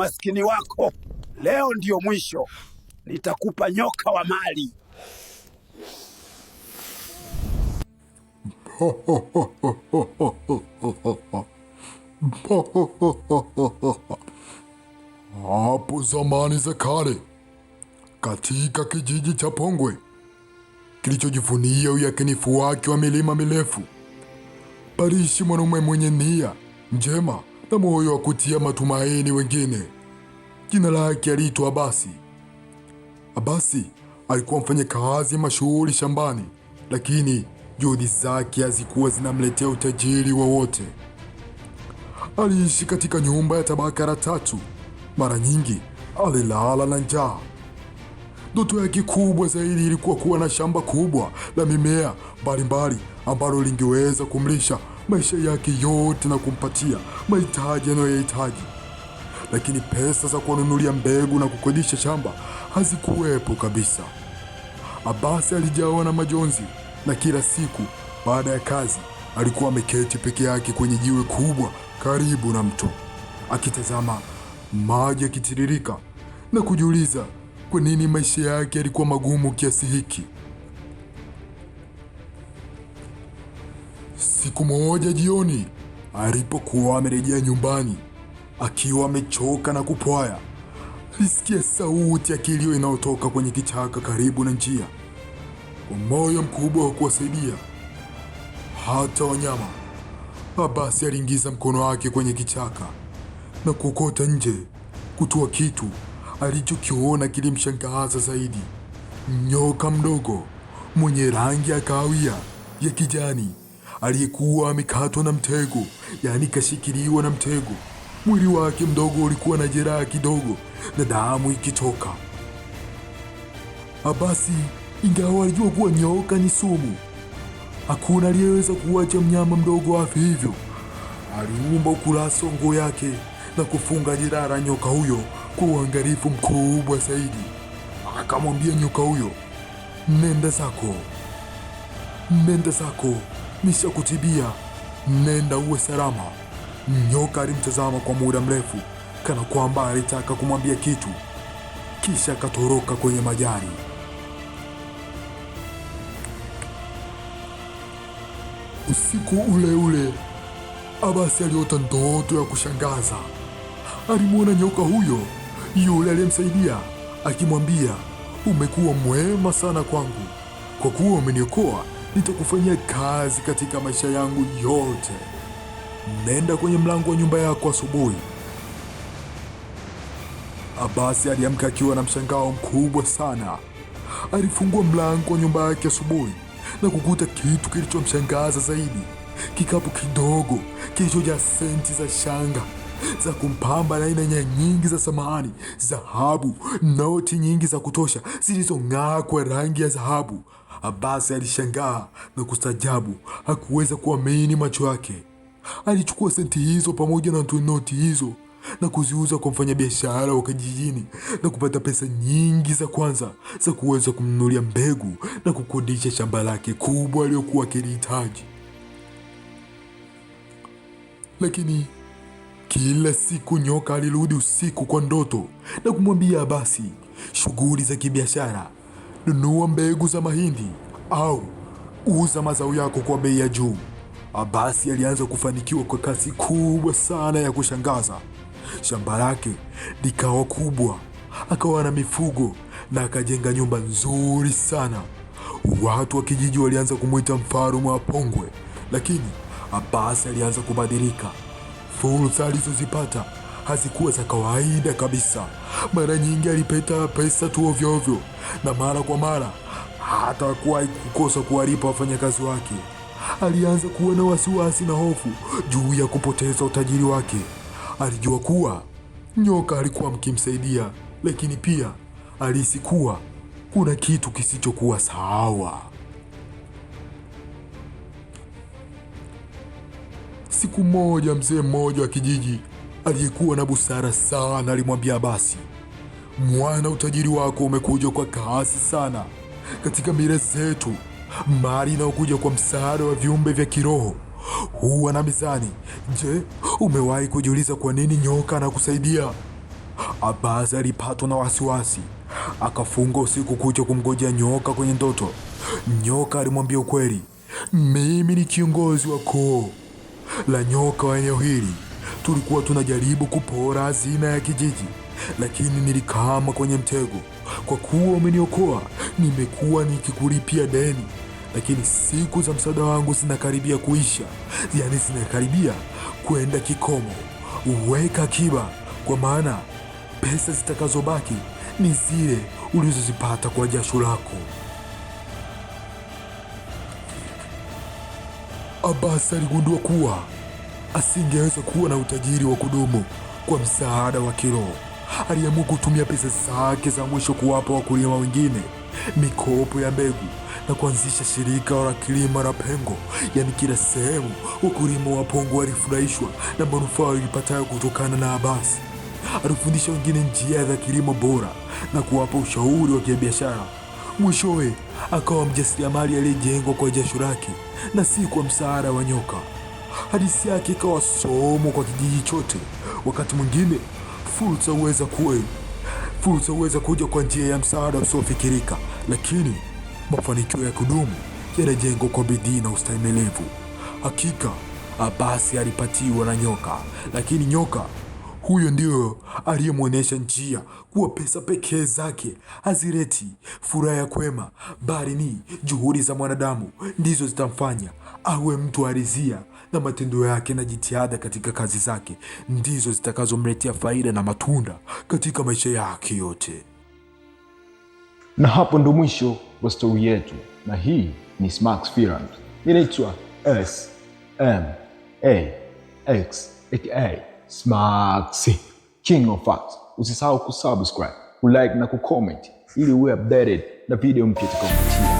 maskini wako, leo ndio mwisho. Nitakupa nyoka wa mali. Hapo zamani za kale, katika kijiji cha Pongwe kilichojivunia uyakinifu wake wa milima mirefu, paliishi mwanaume mwenye nia njema na moyo wa kutia matumaini wengine. Jina lake aliitwa Abasi. Abasi alikuwa mfanyakazi mashuhuri shambani, lakini juhudi zake hazikuwa zinamletea utajiri wowote. Aliishi katika nyumba ya tabaka la tatu. Mara nyingi alilala na njaa. Ndoto yake kubwa zaidi ilikuwa kuwa na shamba kubwa la mimea mbalimbali ambalo lingeweza kumlisha maisha yake yote na kumpatia mahitaji anayoyahitaji, lakini pesa za kuwanunulia mbegu na kukodisha shamba hazikuwepo kabisa. Abasi alijawa na majonzi, na kila siku baada ya kazi alikuwa ameketi peke yake kwenye jiwe kubwa karibu na mto, akitazama maji yakitiririka na kujiuliza kwa nini maisha yake yalikuwa magumu kiasi hiki. Siku moja jioni alipokuwa amerejea nyumbani akiwa amechoka na kupwaya, alisikia sauti ya kilio inayotoka kwenye kichaka karibu na njia. Kwa moyo mkubwa wa kuwasaidia hata wanyama, Abasi aliingiza mkono wake kwenye kichaka na kuokota nje kutoa kitu alichokiona kilimshangaza zaidi: nyoka mdogo mwenye rangi ya kahawia ya kijani aliyekuwa amekatwa na mtego, yaani kashikiliwa na mtego. Mwili wake mdogo ulikuwa na jeraha kidogo na damu ikitoka. Abasi, ingawa alijua kuwa nyoka ni sumu, hakuna aliyeweza kuwacha mnyama mdogo afi hivyo. Aliumba ukurasa nguo yake na kufunga jeraha la nyoka huyo kwa uangalifu mkubwa zaidi. Akamwambia nyoka huyo, nenda zako, nenda zako nishakutibia, nenda uwe salama. Nyoka alimtazama kwa muda mrefu, kana kwamba alitaka kumwambia kitu, kisha akatoroka kwenye majani. Usiku ule ule, Abasi aliota ndoto ya kushangaza. Alimwona nyoka huyo yule aliyemsaidia akimwambia, umekuwa mwema sana kwangu kwa kuwa umeniokoa nitakufanyia kazi katika maisha yangu yote. Nenda kwenye mlango wa nyumba yako asubuhi. Abasi aliamka akiwa na mshangao mkubwa sana. Alifungua mlango wa nyumba yake asubuhi na kukuta kitu kilichomshangaza zaidi, kikapu kidogo kilichojaa senti za shanga za kumpamba na aina nyingi za samahani, dhahabu, noti nyingi za kutosha zilizong'aa kwa rangi ya dhahabu. Abasi alishangaa na kustajabu, hakuweza kuamini macho yake. Alichukua senti hizo pamoja na noti hizo na kuziuza kwa mfanyabiashara wa kijijini na kupata pesa nyingi za kwanza za kuweza kumnunulia mbegu na kukodisha shamba lake kubwa aliyokuwa akilihitaji. Lakini kila siku nyoka alirudi usiku kwa ndoto na kumwambia Abasi shughuli za kibiashara nunua mbegu za mahindi au uza mazao yako kwa bei ya juu. Abasi alianza kufanikiwa kwa kasi kubwa sana ya kushangaza. Shamba lake likawa kubwa, akawa na mifugo na akajenga nyumba nzuri sana. Watu wa kijiji walianza kumwita mfalme wa Pongwe, lakini Abasi alianza kubadilika. Fursa alizozipata hazikuwa za kawaida kabisa. Mara nyingi alipeta pesa tu ovyo ovyo, na mara kwa mara hata hakuwahi kukosa kuwalipa wafanyakazi wake. Alianza kuwa na wasiwasi na hofu juu ya kupoteza utajiri wake. Alijua kuwa nyoka alikuwa mkimsaidia, lakini pia alihisi kuwa kuna kitu kisichokuwa sawa. Siku moja mzee mmoja wa kijiji aliyekuwa na busara sana alimwambia Abasi, mwana, utajiri wako umekuja kwa kasi sana katika mila zetu. Mali inayokuja kwa msaada wa viumbe vya kiroho huwa na mizani. Je, umewahi kujiuliza kwa nini nyoka anakusaidia? Abasi alipatwa na wasiwasi, akafunga usiku kucha kumgojea nyoka kwenye ndoto. Nyoka alimwambia ukweli, mimi ni kiongozi wa koo la nyoka wa eneo hili Tulikuwa tunajaribu kupora hazina ya kijiji, lakini nilikama kwenye mtego. Kwa kuwa umeniokoa, nimekuwa nikikulipia deni, lakini siku za msaada wangu zinakaribia kuisha, yaani zinakaribia kwenda kikomo. Uweka akiba, kwa maana pesa zitakazobaki ni zile ulizozipata kwa jasho lako. Abasi aligundua kuwa asingeweza kuwa na utajiri wa kudumu kwa msaada wa kiroho. Aliamua kutumia pesa zake za mwisho kuwapa wakulima wengine mikopo ya mbegu na kuanzisha shirika la kilima la Pengo. Yani, kila sehemu wakulima wa Pongo walifurahishwa na manufaa ilipatayo kutokana na Abasi. Alifundisha wengine njia za kilimo bora na kuwapa ushauri wa kibiashara. Mwishowe akawa mjasiriamali aliyejengwa kwa jasho lake na si kwa msaada wa nyoka hadisi yake ikawa somo kwa kijiji chote. Wakati mwingine fursa huweza kuwe fursa huweza kuja kwa njia ya msaada usiofikirika, lakini mafanikio ya kudumu yanajengwa kwa bidii na ustahimilivu. Hakika Abasi alipatiwa na nyoka, lakini nyoka huyo ndiyo aliyemwonyesha njia kuwa pesa pekee zake hazileti furaha ya kwema, bali ni juhudi za mwanadamu ndizo zitamfanya awe mtu arizia na matendo yake na jitihada katika kazi zake ndizo zitakazomletea faida na matunda katika maisha yake yote. Na hapo ndo mwisho wa stori yetu, na hii ni Smax Films. inaitwa S M A X aka Smax King of Facts. Usisahau kusubscribe, kulike na kucomment ili uwe updated na video mpya tukakupatia.